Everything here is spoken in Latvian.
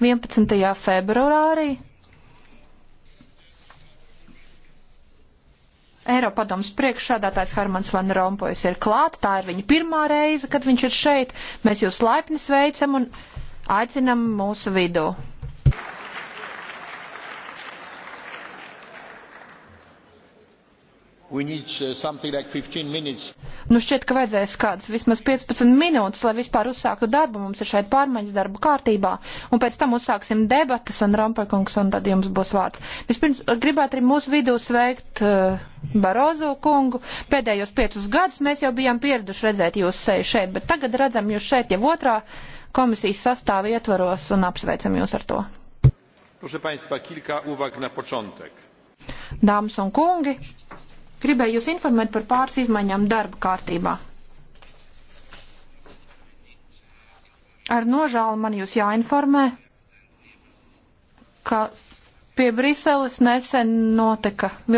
11. februārī Eiropadoms priekšsādātājs Hermans Van Rompuis ir klāt, tā ir viņa pirmā reize, kad viņš ir šeit. Mēs jūs laipni sveicam un aicinam mūsu vidū. Uh, like Nu šķiet, ka vajadzēs kādas vismaz 15 minūtes, lai vispār uzsāktu darbu. Mums ir šeit pārmaiņas darba kārtībā, un pēc tam uzsāksim debatas, un Rampekungs, un tad jums būs vārds. Vispirms eh, gribētu arī mūsu vidū sveikt uh, Barozo kungu. Pēdējos piecus gadus mēs jau bijām pieraduši redzēt jūs šeit, bet tagad redzam jūs šeit jau otrā komisijas sastāva ietvaros, un apsveicam jūs ar to. Proszę Państwa, kilka uwag na początek. Dāmas un kungi, Gribēju jūs informēt par pāris izmaiņām darba kārtībā. Ar nožēlu man jūs jāinformē, ka pie Briseles nesen notika viltība.